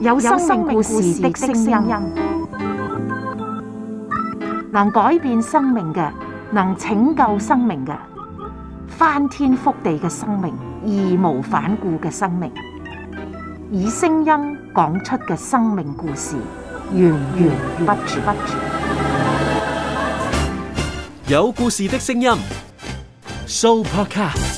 有生命故事的聲音，能改變生命嘅，能拯救生命嘅，翻天覆地嘅生命，義無反顧嘅生命，以聲音講出嘅生命故事，源源不絕。有故事的聲音，Supercast。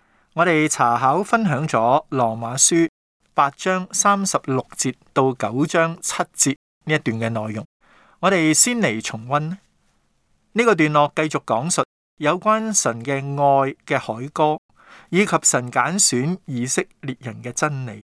我哋查考分享咗《羅馬書》八章三十六節到九章七節呢一段嘅內容。我哋先嚟重溫呢、這個段落，繼續講述有關神嘅愛嘅海歌，以及神揀選以色列人嘅真理。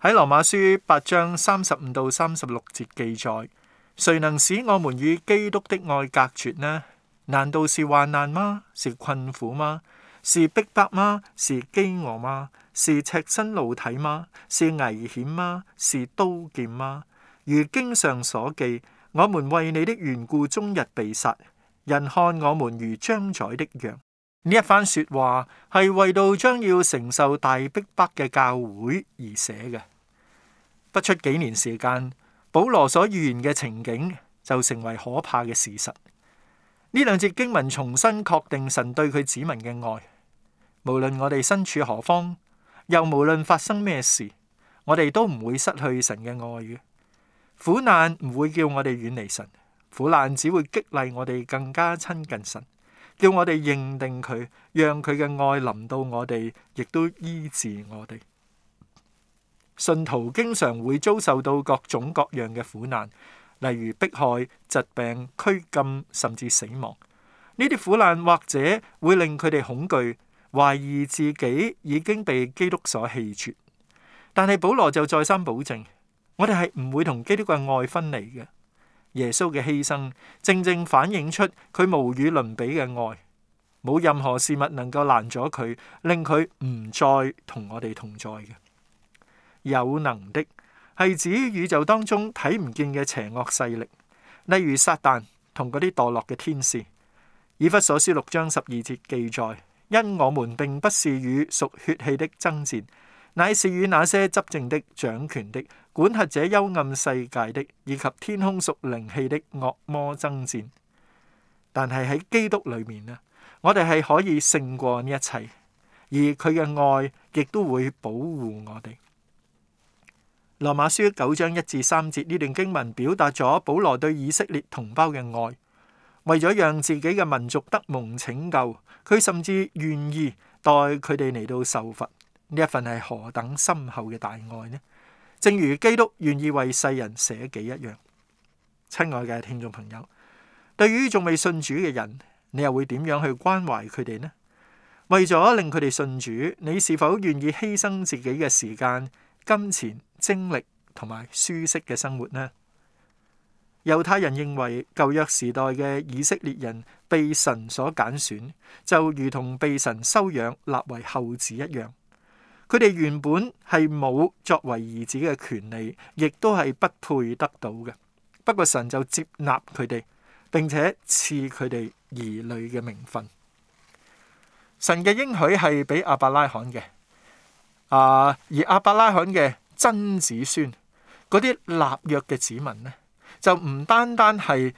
喺《羅馬書》八章三十五到三十六節記載：誰能使我們與基督的愛隔絕呢？難道是患難嗎？是困苦嗎？是逼迫嗎？是飢餓嗎？是赤身露體嗎？是危險嗎？是刀劍嗎？如經上所記，我們為你的緣故，終日被殺，人看我們如將宰的羊。呢一番說話係為到將要承受大逼迫嘅教會而寫嘅。不出幾年時間，保羅所預言嘅情景就成為可怕嘅事實。呢兩節經文重新確定神對佢子民嘅愛。無論我哋身處何方，又無論發生咩事，我哋都唔會失去神嘅愛嘅。苦難唔會叫我哋遠離神，苦難只會激勵我哋更加親近神，叫我哋認定佢，讓佢嘅愛臨到我哋，亦都醫治我哋。信徒經常會遭受到各種各樣嘅苦難，例如迫害、疾病、拘禁，甚至死亡。呢啲苦難或者會令佢哋恐懼。懷疑自己已經被基督所棄絕，但係保羅就再三保證，我哋係唔會同基督嘅愛分離嘅。耶穌嘅犧牲正正反映出佢無與倫比嘅愛，冇任何事物能夠攔阻佢，令佢唔再同我哋同在嘅。有能的係指宇宙當中睇唔見嘅邪惡勢力，例如撒旦同嗰啲墮落嘅天使。以弗所書六章十二節記載。因我們並不是與屬血氣的爭戰，乃是與那些執政的、掌權的、管轄這幽暗世界的，以及天空屬靈氣的惡魔爭戰。但係喺基督裏面呢，我哋係可以勝過一切，而佢嘅愛亦都會保護我哋。羅馬書九章一至三節，呢段經文表達咗保羅對以色列同胞嘅愛。為咗讓自己嘅民族得蒙拯救，佢甚至願意代佢哋嚟到受罰，呢一份係何等深厚嘅大愛呢？正如基督願意為世人捨己一樣。親愛嘅聽眾朋友，對於仲未信主嘅人，你又會點樣去關懷佢哋呢？為咗令佢哋信主，你是否願意犧牲自己嘅時間、金錢、精力同埋舒適嘅生活呢？猶太人認為舊約時代嘅以色列人被神所揀選，就如同被神收養立為後子一樣。佢哋原本係冇作為兒子嘅權利，亦都係不配得到嘅。不過神就接納佢哋，並且賜佢哋兒女嘅名分。神嘅應許係俾亞伯拉罕嘅，啊，而亞伯拉罕嘅真子孫嗰啲立約嘅子民呢？就唔單單係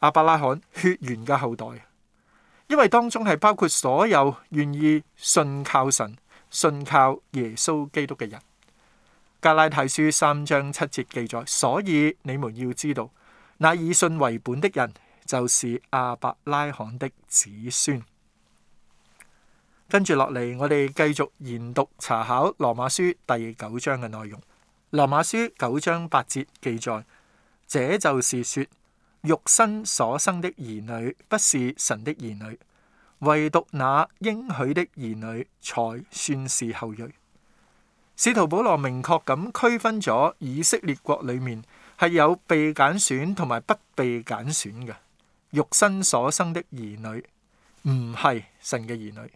亞伯拉罕血緣嘅後代，因為當中係包括所有願意信靠神、信靠耶穌基督嘅人。加拉太書三章七節記載，所以你們要知道，那以信為本的人，就是亞伯拉罕的子孫。跟住落嚟，我哋繼續研讀查考羅馬書第九章嘅內容。羅馬書九章八節記載。這就是說，肉身所生的兒女不是神的兒女，唯獨那應許的兒女才算是後裔。使徒保羅明確咁區分咗以色列國裏面係有被揀選同埋不被揀選嘅，肉身所生的兒女唔係神嘅兒女，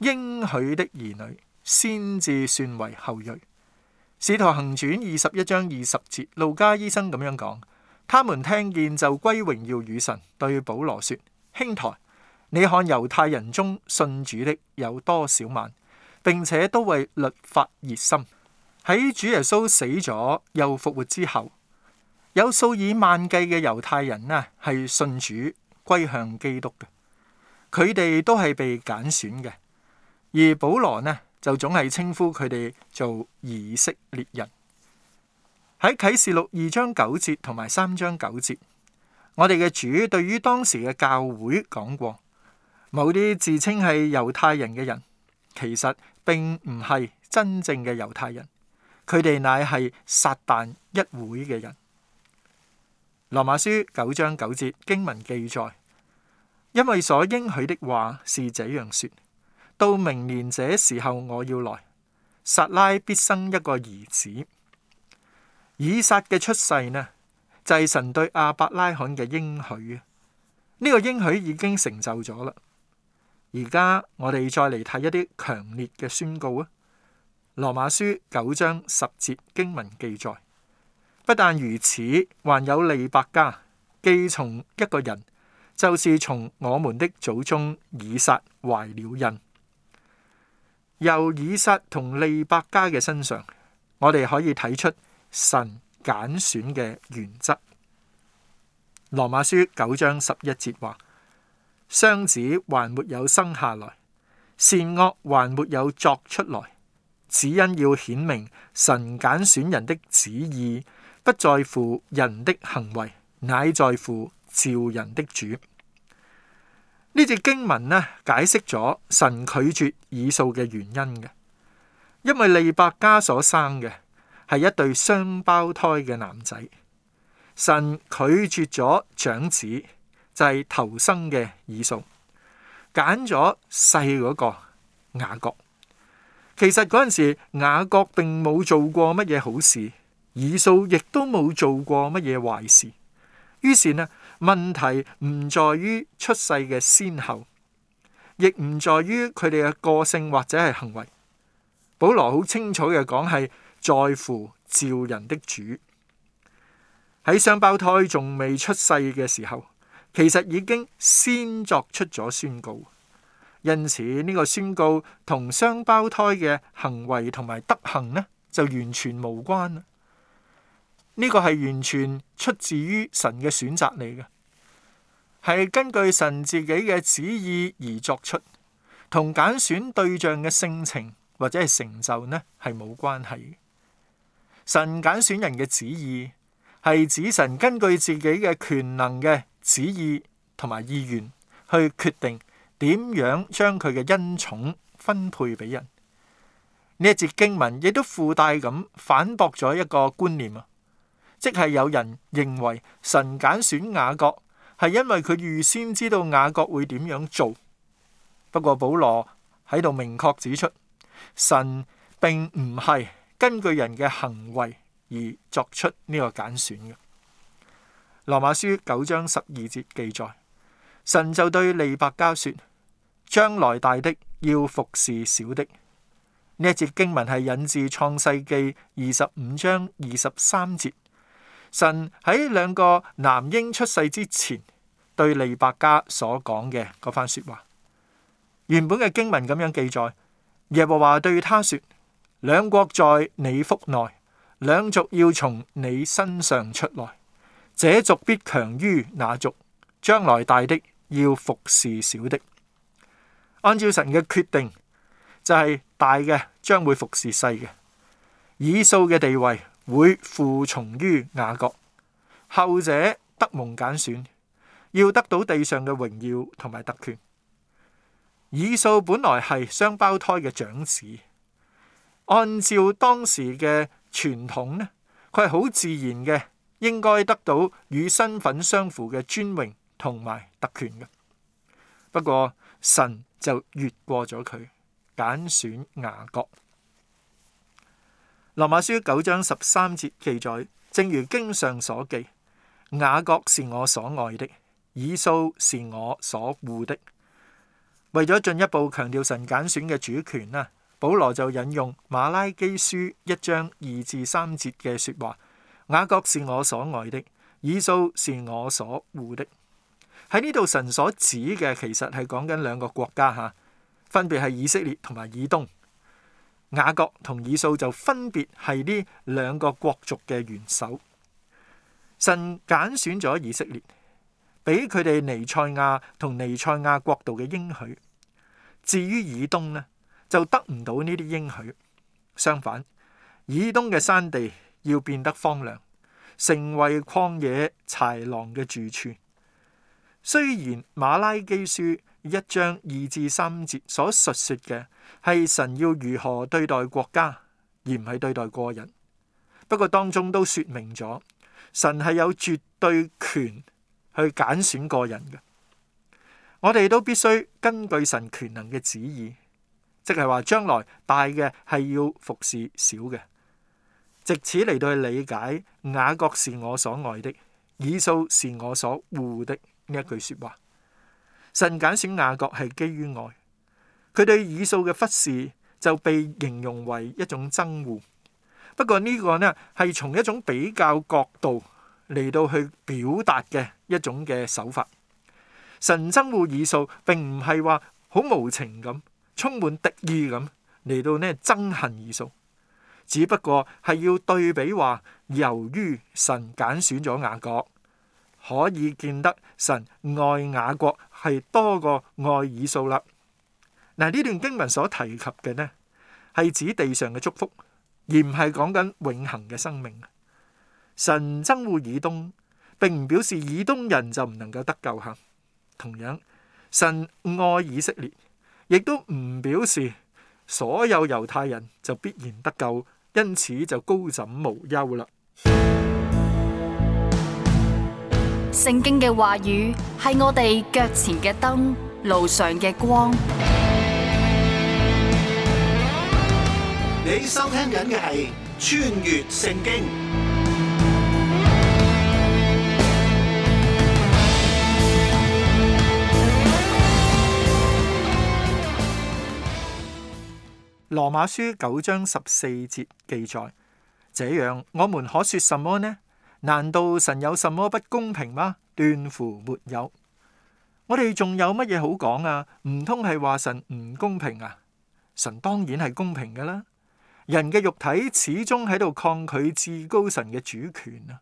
應許的兒女先至算為後裔。使徒行傳二十一章二十節，路加醫生咁樣講：，他們聽見就歸榮耀與神。對保羅說：，兄台，你看猶太人中信主的有多少萬，並且都為律法熱心。喺主耶穌死咗又復活之後，有數以萬計嘅猶太人呢，係信主歸向基督嘅。佢哋都係被揀選嘅，而保羅呢？就總係稱呼佢哋做以色列人。喺啟示錄二章九節同埋三章九節，我哋嘅主對於當時嘅教會講過，某啲自稱係猶太人嘅人，其實並唔係真正嘅猶太人，佢哋乃係撒旦一會嘅人。羅馬書九章九節經文記載，因為所應許的話是這樣說。到明年這時候，我要來撒拉必生一個兒子。以撒嘅出世呢，就係神對亞伯拉罕嘅應許。呢個應許已經成就咗啦。而家我哋再嚟睇一啲強烈嘅宣告啊，《羅馬書》九章十節經文記載，不但如此，還有利百加，既從一個人，就是從我們的祖宗以撒懷了孕。由以撒同利百加嘅身上，我哋可以睇出神揀選嘅原則。羅馬書九章十一節話：雙子還沒有生下來，善惡還沒有作出來，只因要顯明神揀選人的旨意，不在乎人的行為，乃在乎召人的主。呢段經文呢，解釋咗神拒絕以掃嘅原因嘅，因為利百加所生嘅係一對雙胞胎嘅男仔，神拒絕咗長子就係頭生嘅以掃，揀咗細嗰個雅各。其實嗰陣時雅各並冇做過乜嘢好事，以掃亦都冇做過乜嘢壞事，於是呢。問題唔在於出世嘅先後，亦唔在於佢哋嘅個性或者係行為。保羅好清楚嘅講係在乎召人的主。喺雙胞胎仲未出世嘅時候，其實已經先作出咗宣告。因此，呢個宣告同雙胞胎嘅行為同埋德行呢，就完全無關啦。呢個係完全出自於神嘅選擇嚟嘅，係根據神自己嘅旨意而作出，同揀選對象嘅性情或者係成就呢係冇關係。神揀選人嘅旨意係指神根據自己嘅權能嘅旨意同埋意願去決定點樣將佢嘅恩寵分配俾人。呢一節經文亦都附帶咁反駁咗一個觀念啊。即係有人認為神揀選雅各係因為佢預先知道雅各會點樣做。不過保羅喺度明確指出，神並唔係根據人嘅行為而作出呢個揀選嘅。羅馬書九章十二節記載，神就對利百加說：將來大的要服侍小的。呢一節經文係引自創世記二十五章二十三節。神喺兩個男嬰出世之前，對利百加所講嘅嗰番說話，原本嘅經文咁樣記載：耶和華對他說，兩國在你腹內，兩族要從你身上出來，這族必強於那族，將來大的要服侍小的。按照神嘅決定，就係、是、大嘅將會服侍細嘅，以掃嘅地位。會服從於雅各，後者得蒙揀選，要得到地上嘅榮耀同埋特權。以掃本來係雙胞胎嘅長子，按照當時嘅傳統咧，佢係好自然嘅，應該得到與身份相符嘅尊榮同埋特權嘅。不過神就越過咗佢，揀選雅各。羅馬書九章十三節記載，正如經上所記，雅各是我所愛的，以掃是我所護的。為咗進一步強調神揀選嘅主權啊，保羅就引用馬拉基書一章二至三節嘅說話：雅各是我所愛的，以掃是我所護的。喺呢度神所指嘅，其實係講緊兩個國家吓，分別係以色列同埋以東。雅各同以掃就分別係呢兩個國族嘅元首，神揀選咗以色列，俾佢哋尼賽亞同尼賽亞國度嘅應許。至於以東呢，就得唔到呢啲應許。相反，以東嘅山地要變得荒涼，成為曠野豺狼嘅住處。雖然馬拉基書。一章二至三節所述說嘅係神要如何對待國家，而唔係對待個人。不過當中都說明咗，神係有絕對權去揀選個人嘅。我哋都必須根據神權能嘅旨意，即係話將來大嘅係要服侍小嘅，直此嚟到去理解，雅各是我所愛的，以掃是我所護的呢一句說話。神揀選雅各係基於愛，佢對以掃嘅忽視就被形容為一種憎惡。不過呢個呢係從一種比較角度嚟到去表達嘅一種嘅手法。神憎惡以掃，並唔係話好無情咁，充滿敵意咁嚟到呢憎恨以掃，只不過係要對比話，由於神揀選咗雅各。可以見得神愛雅各係多過愛以掃啦。嗱，呢段經文所提及嘅呢，係指地上嘅祝福，而唔係講緊永恆嘅生命。神憎惡以東，並唔表示以東人就唔能夠得救吓。同樣，神愛以色列，亦都唔表示所有猶太人就必然得救，因此就高枕無憂啦。聖經嘅話語係我哋腳前嘅燈，路上嘅光。你收聽緊嘅係《穿越聖經》。羅馬書九章十四節記載：這樣，我們可說什麼呢？難道神有什麼不公平嗎？斷乎沒有。我哋仲有乜嘢好講啊？唔通係話神唔公平啊？神當然係公平嘅啦。人嘅肉體始終喺度抗拒至高神嘅主權啊！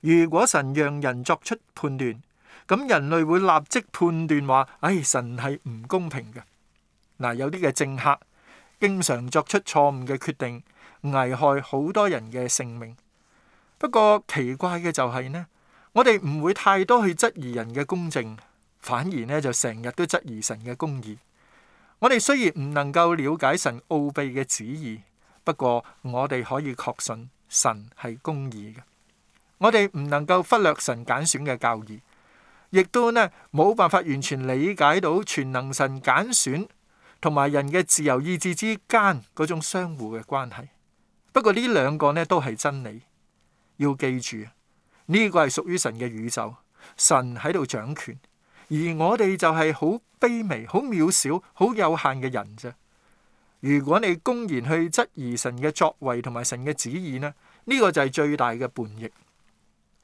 如果神讓人作出判斷，咁人類會立即判斷話：唉、哎，神係唔公平嘅。嗱，有啲嘅政客經常作出錯誤嘅決定，危害好多人嘅性命。不過奇怪嘅就係呢，我哋唔會太多去質疑人嘅公正，反而呢就成日都質疑神嘅公義。我哋雖然唔能夠瞭解神奧秘嘅旨意，不過我哋可以確信神係公義嘅。我哋唔能夠忽略神揀選嘅教義，亦都呢冇辦法完全理解到全能神揀選同埋人嘅自由意志之間嗰種相互嘅關係。不過呢兩個呢都係真理。要記住，呢個係屬於神嘅宇宙，神喺度掌權，而我哋就係好卑微、好渺小、好有限嘅人啫。如果你公然去質疑神嘅作為同埋神嘅旨意呢，呢個就係最大嘅叛逆。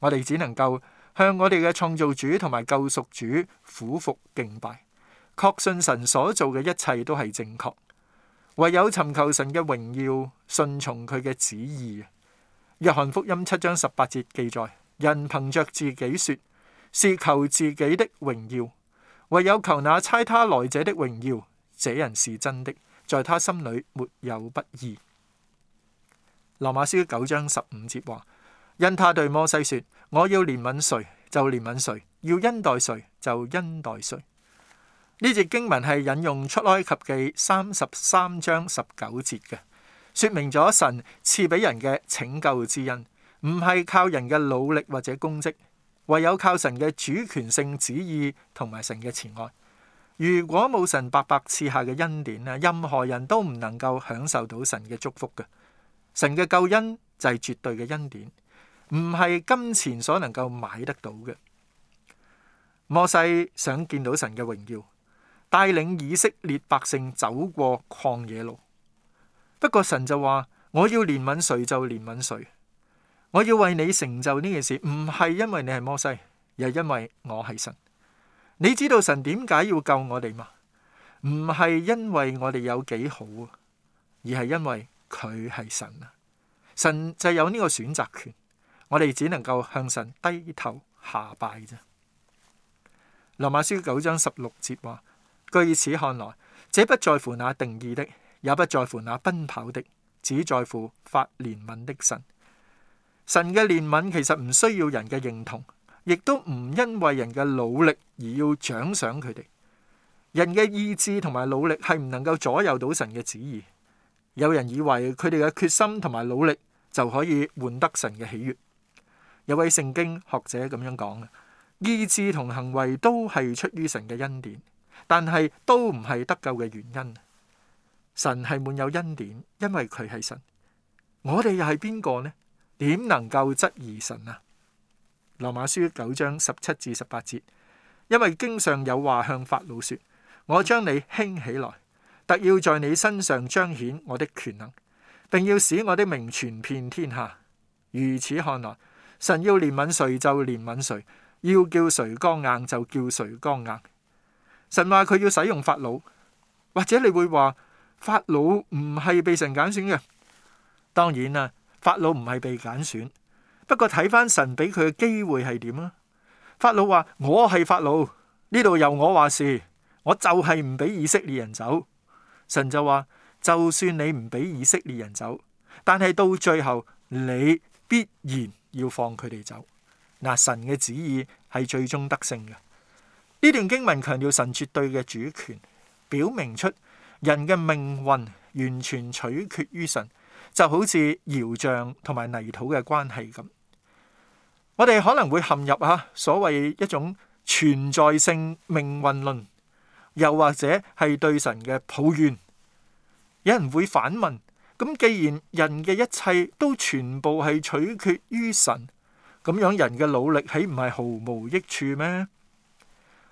我哋只能夠向我哋嘅創造主同埋救贖主俯伏敬拜，確信神所做嘅一切都係正確，唯有尋求神嘅榮耀，順從佢嘅旨意。約翰福音七章十八節記載：人憑着自己說，是求自己的榮耀，唯有求那差他來者的榮耀，這人是真的，在他心裏沒有不義。羅馬書九章十五節話：因他對摩西說，我要憐憫誰就憐憫誰，要恩待誰就恩待誰。呢節經文係引用出埃及記三十三章十九節嘅。說明咗神賜俾人嘅拯救之恩，唔係靠人嘅努力或者功績，唯有靠神嘅主權性旨意同埋神嘅慈愛。如果冇神白白賜下嘅恩典咧，任何人都唔能夠享受到神嘅祝福嘅。神嘅救恩就係絕對嘅恩典，唔係金錢所能夠買得到嘅。摩西想見到神嘅榮耀，帶領以色列百姓走過曠野路。不過神就話：我要憐憫誰就憐憫誰，我要為你成就呢件事，唔係因為你係摩西，而係因為我係神。你知道神點解要救我哋嗎？唔係因為我哋有幾好啊，而係因為佢係神啊！神就有呢個選擇權，我哋只能夠向神低頭下拜啫。羅馬書九章十六節話：據此看來，這不在乎那定義的。也不在乎那奔跑的，只在乎發憐憫的神。神嘅憐憫其實唔需要人嘅認同，亦都唔因為人嘅努力而要獎賞佢哋。人嘅意志同埋努力係唔能夠左右到神嘅旨意。有人以為佢哋嘅決心同埋努力就可以換得神嘅喜悅。有位聖經學者咁樣講嘅：意志同行為都係出於神嘅恩典，但係都唔係得救嘅原因。神係滿有恩典，因為佢係神。我哋又係邊個呢？點能夠質疑神啊？羅馬書九章十七至十八節，因為經上有話向法老說：我將你興起來，特要在你身上彰顯我的權能，並要使我的名傳遍天下。如此看來，神要憐憫誰就憐憫誰，要叫誰剛硬就叫誰剛硬。神話佢要使用法老，或者你會話。法老唔係被神揀選嘅，當然啦，法老唔係被揀選，不過睇翻，神俾佢嘅機會係點啦。法老話：我係法老，呢度由我話事，我就係唔俾以色列人走。神就話：就算你唔俾以色列人走，但係到最後你必然要放佢哋走。嗱、呃，神嘅旨意係最終得勝嘅。呢段經文強調神絕對嘅主權，表明出。人嘅命運完全取決於神，就好似窯匠同埋泥土嘅關係咁。我哋可能會陷入吓所謂一種存在性命運論，又或者係對神嘅抱怨。有人會反問：咁既然人嘅一切都全部係取決於神，咁樣人嘅努力豈唔係毫無益處咩？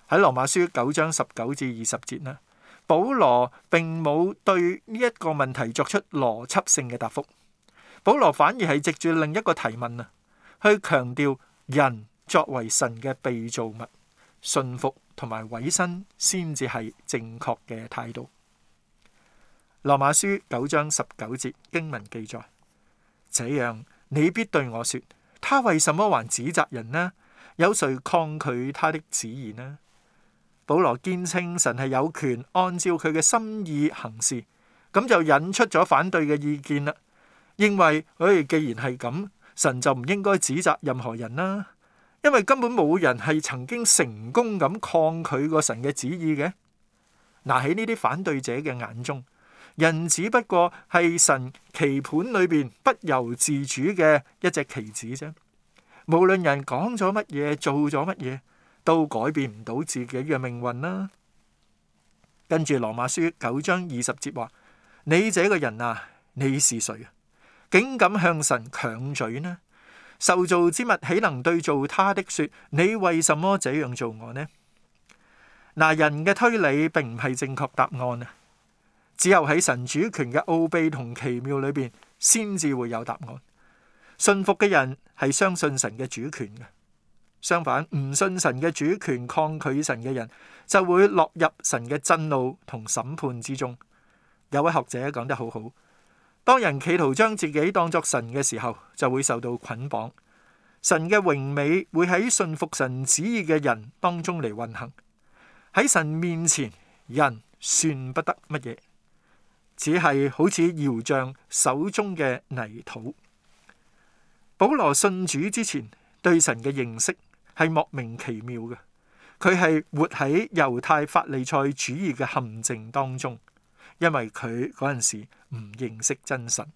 喺羅馬書九章十九至二十節啦。保羅並冇對呢一個問題作出邏輯性嘅答覆，保羅反而係藉住另一個提問啊，去強調人作為神嘅被造物，順服同埋委身先至係正確嘅態度。羅馬書九章十九節經文記載：這樣你必對我說，他為什麼還指責人呢？有誰抗拒他的旨意呢？保羅堅稱神係有權按照佢嘅心意行事，咁就引出咗反對嘅意見啦。認為，誒、哎，既然係咁，神就唔應該指責任何人啦，因為根本冇人係曾經成功咁抗拒過神嘅旨意嘅。嗱、啊，喺呢啲反對者嘅眼中，人只不過係神棋盤裏邊不由自主嘅一隻棋子啫。無論人講咗乜嘢，做咗乜嘢。都改變唔到自己嘅命運啦。跟住《羅馬書》九章二十節話：「你這個人啊，你是誰啊？竟敢向神強嘴呢？受造之物豈能對造他的說：「你為什麼這樣做我呢？嗱，人嘅推理並唔係正確答案啊！只有喺神主權嘅奧秘同奇妙裏邊，先至會有答案。信服嘅人係相信神嘅主權嘅。相反，唔信神嘅主權抗拒神嘅人，就會落入神嘅震怒同審判之中。有位學者講得好好：「當人企圖將自己當作神嘅時候，就會受到捆綁。神嘅榮美會喺信服神旨意嘅人當中嚟運行。喺神面前，人算不得乜嘢，只係好似窯匠手中嘅泥土。保羅信主之前，對神嘅認識，係莫名其妙嘅，佢係活喺猶太法利賽主義嘅陷阱當中，因為佢嗰陣時唔認識真神。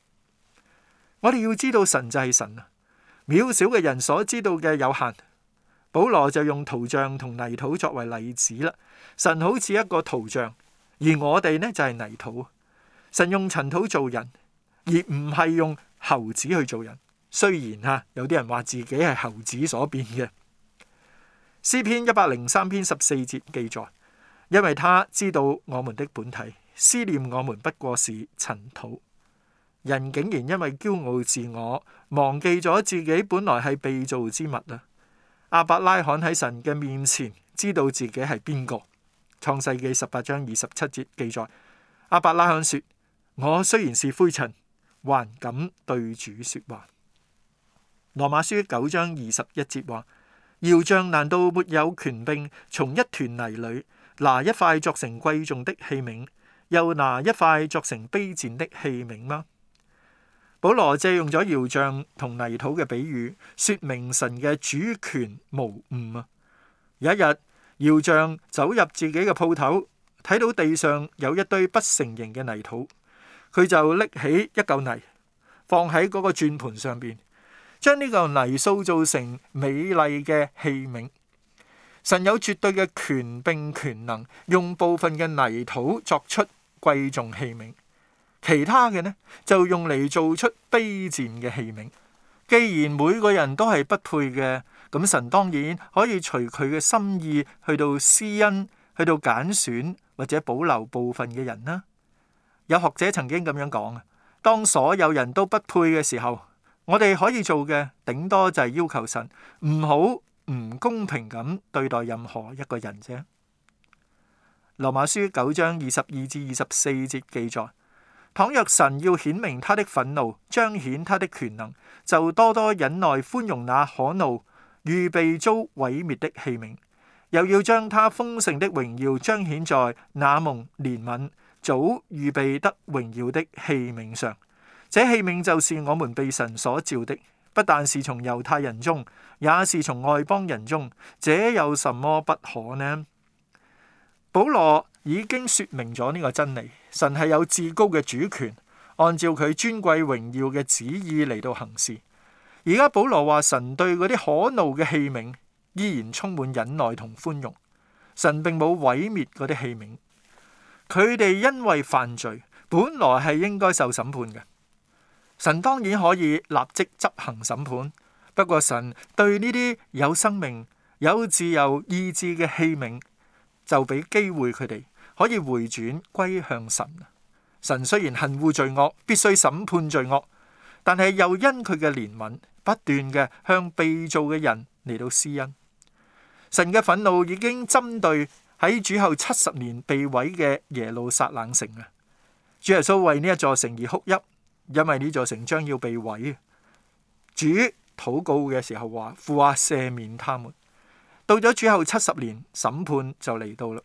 我哋要知道神就係神啊，渺小嘅人所知道嘅有限。保羅就用陶像同泥土作為例子啦。神好似一個陶像，而我哋呢就係泥土。神用塵土做人，而唔係用猴子去做人。雖然啊，有啲人話自己係猴子所變嘅。詩篇一百零三篇十四節記載，因為他知道我們的本體，思念我們不過是塵土。人竟然因為驕傲自我，忘記咗自己本來係被造之物啊！亞伯拉罕喺神嘅面前，知道自己係邊個。創世記十八章二十七節記載，亞伯拉罕說：我雖然是灰塵，還敢對主說話。羅馬書九章二十一節話。窯匠難道沒有權柄從一團泥裏拿一塊做成貴重的器皿，又拿一塊做成卑賤的器皿嗎？保羅借用咗窯匠同泥土嘅比喻，說明神嘅主權無誤啊！有一日，窯匠走入自己嘅鋪頭，睇到地上有一堆不成形嘅泥土，佢就拎起一嚿泥放喺嗰個轉盤上邊。將呢個泥塑造成美麗嘅器皿，神有絕對嘅權並權能，用部分嘅泥土作出貴重器皿，其他嘅呢就用嚟做出卑賤嘅器皿。既然每個人都係不配嘅，咁神當然可以隨佢嘅心意去到施恩，去到揀選或者保留部分嘅人啦。有學者曾經咁樣講啊：當所有人都不配嘅時候。我哋可以做嘅，頂多就係要求神唔好唔公平咁對待任何一個人啫。羅馬書九章二十二至二十四節記載：倘若神要顯明他的憤怒，彰顯他的權能，就多多忍耐寬容那可怒預備遭毀滅的器皿；又要將他豐盛的榮耀彰顯在那蒙憐憫、早預備得榮耀的器皿上。這器皿就是我們被神所召的，不但是從猶太人中，也是從外邦人中。這有什麼不可呢？保羅已經說明咗呢個真理。神係有至高嘅主權，按照佢尊貴榮耀嘅旨意嚟到行事。而家保羅話，神對嗰啲可怒嘅器皿依然充滿忍耐同寬容，神並冇毀滅嗰啲器皿。佢哋因為犯罪，本來係應該受審判嘅。神當然可以立即執行審判，不過神對呢啲有生命、有自由意志嘅器皿，就俾機會佢哋可以回轉歸向神。神雖然恨惡罪惡，必須審判罪惡，但係又因佢嘅憐憫，不斷嘅向被造嘅人嚟到施恩。神嘅憤怒已經針對喺主後七十年被毀嘅耶路撒冷城啊！主耶穌為呢一座城而哭泣。因為呢座城將要被毀，主禱告嘅時候話：父啊，赦免他們。到咗主後七十年，審判就嚟到啦。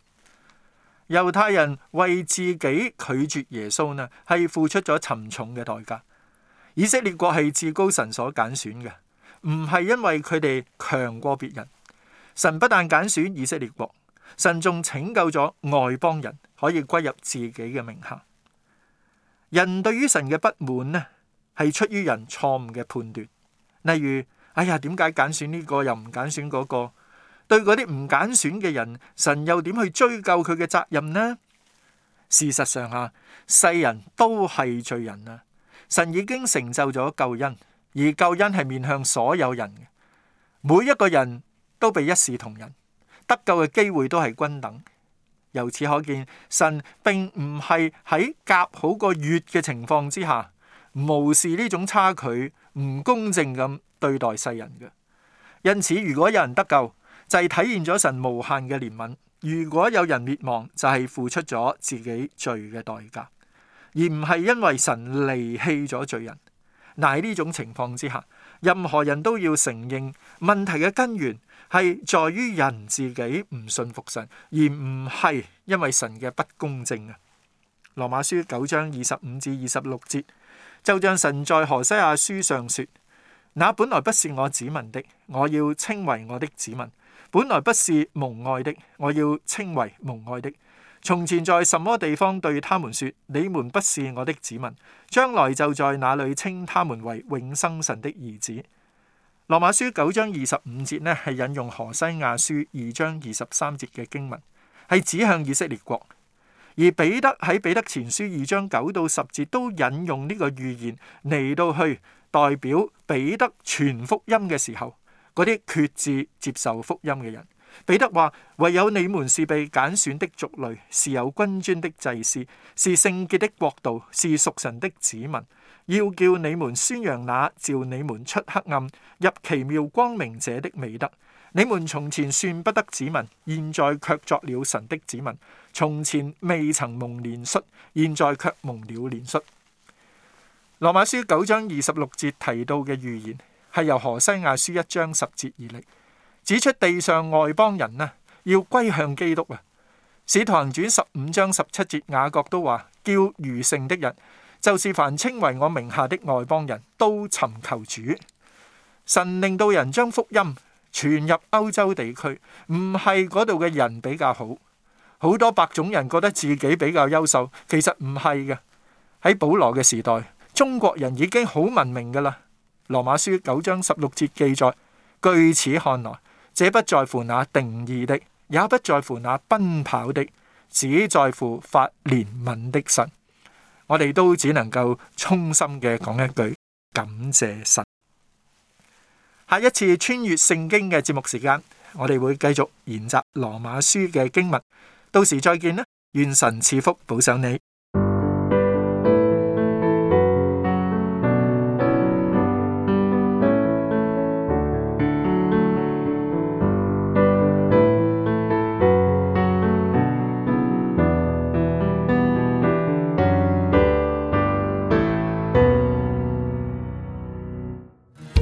猶太人為自己拒絕耶穌呢，係付出咗沉重嘅代價。以色列國係至高神所揀選嘅，唔係因為佢哋強過別人。神不但揀選以色列國，神仲拯救咗外邦人，可以歸入自己嘅名下。人對於神嘅不滿呢，係出於人錯誤嘅判斷。例如，哎呀，點解揀選呢個又唔揀選嗰個？對嗰啲唔揀選嘅人，神又點去追究佢嘅責任呢？事實上吓，世人都係罪人啊！神已經成就咗救恩，而救恩係面向所有人，每一個人都被一視同仁，得救嘅機會都係均等。由此可見，神並唔係喺夾好個月嘅情況之下，無視呢種差距，唔公正咁對待世人嘅。因此，如果有人得救，就係體現咗神無限嘅憐憫；如果有人滅亡，就係付出咗自己罪嘅代價，而唔係因為神離棄咗罪人。嗱，喺呢種情況之下，任何人都要承認問題嘅根源係在於人自己唔信服神，而唔係因為神嘅不公正啊。羅馬書九章二十五至二十六節，就像神在何西阿書上說：那本來不是我子民的，我要稱為我的子民；本來不是蒙愛的，我要稱為蒙愛的。從前在什麼地方對他們說：你們不是我的子民，將來就在那裏稱他們為永生神的兒子。羅馬書九章二十五節呢，係引用何西亞書二章二十三節嘅經文，係指向以色列國。而彼得喺彼得前書二章九到十節都引用呢個預言嚟，到去代表彼得傳福音嘅時候，嗰啲決志接受福音嘅人。彼得話：唯有你們是被揀選的族類，是有君尊的祭司，是聖潔的國度，是屬神的子民。要叫你們宣揚那召你們出黑暗入奇妙光明者的美德。你們從前算不得子民，現在却作了神的子民；從前未曾蒙憐恤，現在却蒙了憐恤。羅馬書九章二十六節提到嘅預言，係由何西亞書一章十節而嚟。指出地上外邦人呢要歸向基督啊！使徒行傳十五章十七節雅各都話：叫餘剩的人，就是凡稱為我名下的外邦人都尋求主。神令到人將福音傳入歐洲地區，唔係嗰度嘅人比較好。好多白種人覺得自己比較優秀，其實唔係嘅。喺保羅嘅時代，中國人已經好文明噶啦。羅馬書九章十六節記載，據此看來。這不在乎那定意的，也不在乎那奔跑的，只在乎發憐憫的神。我哋都只能夠衷心嘅講一句感謝神。下一次穿越聖經嘅節目時間，我哋會繼續研習羅馬書嘅經文，到時再見啦！願神賜福保守你。